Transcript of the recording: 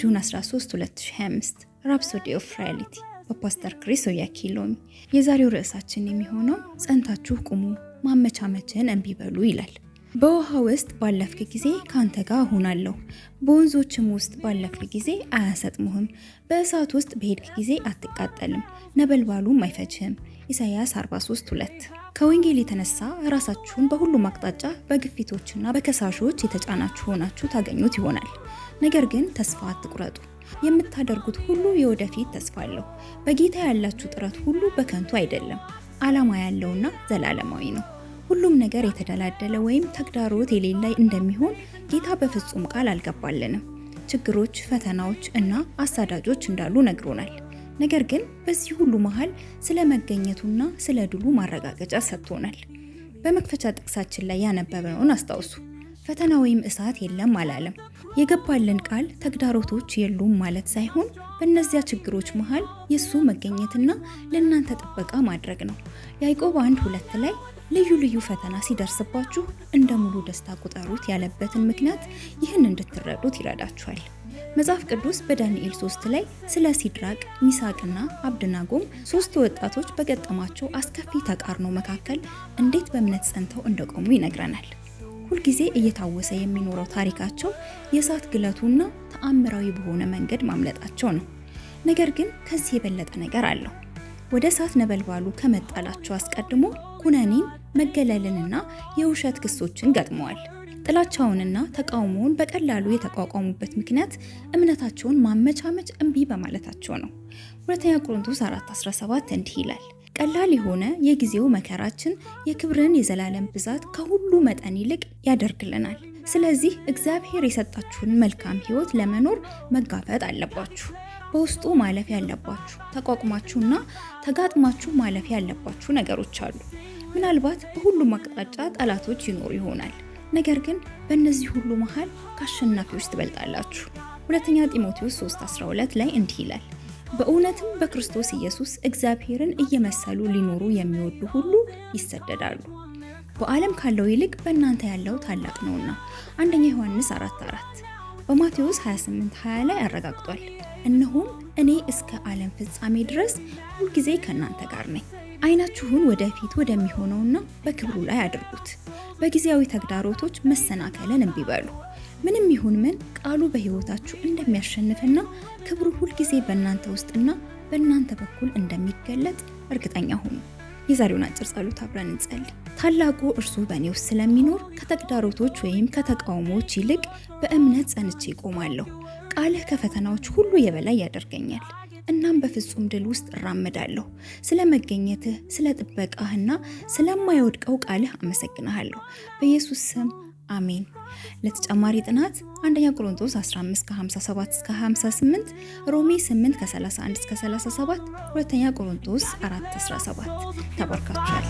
ጁን 13 2025 ራፕሶዲ ኦፍ ሪያሊቲ በፓስተር ክሪስ ያኪሎሚ የዛሬው ርዕሳችን የሚሆነው ጸንታችሁ ቁሙ ማመቻመችን እንቢበሉ ይላል። በውሃ ውስጥ ባለፍክ ጊዜ ካንተ ጋር እሆናለሁ፣ በወንዞችም ውስጥ ባለፍክ ጊዜ አያሰጥሙህም፣ በእሳት ውስጥ በሄድክ ጊዜ አትቃጠልም፣ ነበልባሉም አይፈጅህም። ኢሳይያስ 43 2 ከወንጌል የተነሳ ራሳችሁን በሁሉም አቅጣጫ በግፊቶችና በከሳሾች የተጫናችሁ ሆናችሁ ታገኙት ይሆናል። ነገር ግን ተስፋ አትቁረጡ። የምታደርጉት ሁሉ የወደፊት ተስፋ አለው። በጌታ ያላችሁ ጥረት ሁሉ በከንቱ አይደለም፣ ዓላማ ያለውና ዘላለማዊ ነው። ሁሉም ነገር የተደላደለ ወይም ተግዳሮት የሌለ እንደሚሆን ጌታ በፍጹም ቃል አልገባልንም። ችግሮች፣ ፈተናዎች እና አሳዳጆች እንዳሉ ነግሮናል። ነገር ግን በዚህ ሁሉ መሃል ስለ መገኘቱና ስለ ድሉ ማረጋገጫ ሰጥቶናል። በመክፈቻ ጥቅሳችን ላይ ያነበብነውን አስታውሱ። ፈተና ወይም እሳት የለም አላለም። የገባልን ቃል ተግዳሮቶች የሉም ማለት ሳይሆን በእነዚያ ችግሮች መሃል የእሱ መገኘትና ለእናንተ ጥበቃ ማድረግ ነው። ያዕቆብ አንድ ሁለት ላይ ልዩ ልዩ ፈተና ሲደርስባችሁ እንደ ሙሉ ደስታ ቁጠሩት ያለበትን ምክንያት ይህን እንድትረዱት ይረዳችኋል። መጽሐፍ ቅዱስ በዳንኤል 3 ላይ ስለ ሲድራቅ ሚሳቅና አብድናጎም ሶስት ወጣቶች በገጠማቸው አስከፊ ተቃርኖ መካከል እንዴት በእምነት ጸንተው እንደቆሙ ይነግረናል። ሁልጊዜ እየታወሰ የሚኖረው ታሪካቸው የእሳት ግለቱና ተአምራዊ በሆነ መንገድ ማምለጣቸው ነው። ነገር ግን ከዚህ የበለጠ ነገር አለው። ወደ እሳት ነበልባሉ ከመጣላቸው አስቀድሞ ኩነኔን መገለልንና የውሸት ክሶችን ገጥመዋል። ጥላቻውንና ተቃውሞውን በቀላሉ የተቋቋሙበት ምክንያት እምነታቸውን ማመቻመች እምቢ በማለታቸው ነው። ሁለተኛ ቆሮንቶስ 4:17 እንዲህ ይላል ቀላል የሆነ የጊዜው መከራችን የክብርን የዘላለም ብዛት ከሁሉ መጠን ይልቅ ያደርግልናል። ስለዚህ እግዚአብሔር የሰጣችሁን መልካም ሕይወት ለመኖር መጋፈጥ አለባችሁ። በውስጡ ማለፍ ያለባችሁ ተቋቁማችሁና ተጋጥማችሁ ማለፍ ያለባችሁ ነገሮች አሉ። ምናልባት በሁሉም አቅጣጫ ጠላቶች ይኖሩ ይሆናል። ነገር ግን በእነዚህ ሁሉ መሃል ከአሸናፊዎች ትበልጣላችሁ። ሁለተኛ ጢሞቴዎስ 3:12 ላይ እንዲህ ይላል፣ በእውነትም በክርስቶስ ኢየሱስ እግዚአብሔርን እየመሰሉ ሊኖሩ የሚወዱ ሁሉ ይሰደዳሉ። በዓለም ካለው ይልቅ በእናንተ ያለው ታላቅ ነውና። አንደኛ ዮሐንስ 4:4 በማቴዎስ 28:20 ላይ አረጋግጧል። እነሆም እኔ እስከ ዓለም ፍጻሜ ድረስ ሁልጊዜ ከእናንተ ጋር ነኝ። አይናችሁን ወደፊት ወደሚሆነውና በክብሩ ላይ አድርጉት። በጊዜያዊ ተግዳሮቶች መሰናከልን እምቢ በሉ። ምንም ይሁን ምን ቃሉ በሕይወታችሁ እንደሚያሸንፍና ክብሩ ሁልጊዜ በእናንተ ውስጥና በእናንተ በኩል እንደሚገለጥ እርግጠኛ ሁኑ። የዛሬውን አጭር ጸሎት አብረን እንጸልይ። ታላቁ እርሱ በእኔ ውስጥ ስለሚኖር ከተግዳሮቶች ወይም ከተቃውሞዎች ይልቅ በእምነት ጸንቼ ይቆማለሁ። ቃልህ ከፈተናዎች ሁሉ የበላይ ያደርገኛል፣ እናም በፍጹም ድል ውስጥ እራመዳለሁ። ስለ መገኘትህ፣ ስለ ጥበቃህና ስለማይወድቀው ቃልህ አመሰግንሃለሁ። በኢየሱስ ስም አሜን። ለተጨማሪ ጥናት አንደኛ ቆሮንቶስ 15 ከ57 እስከ 58፣ ሮሜ 8 ከ31 እስከ 37፣ ሁለተኛ ቆሮንቶስ 4 17 ተባርካችኋል።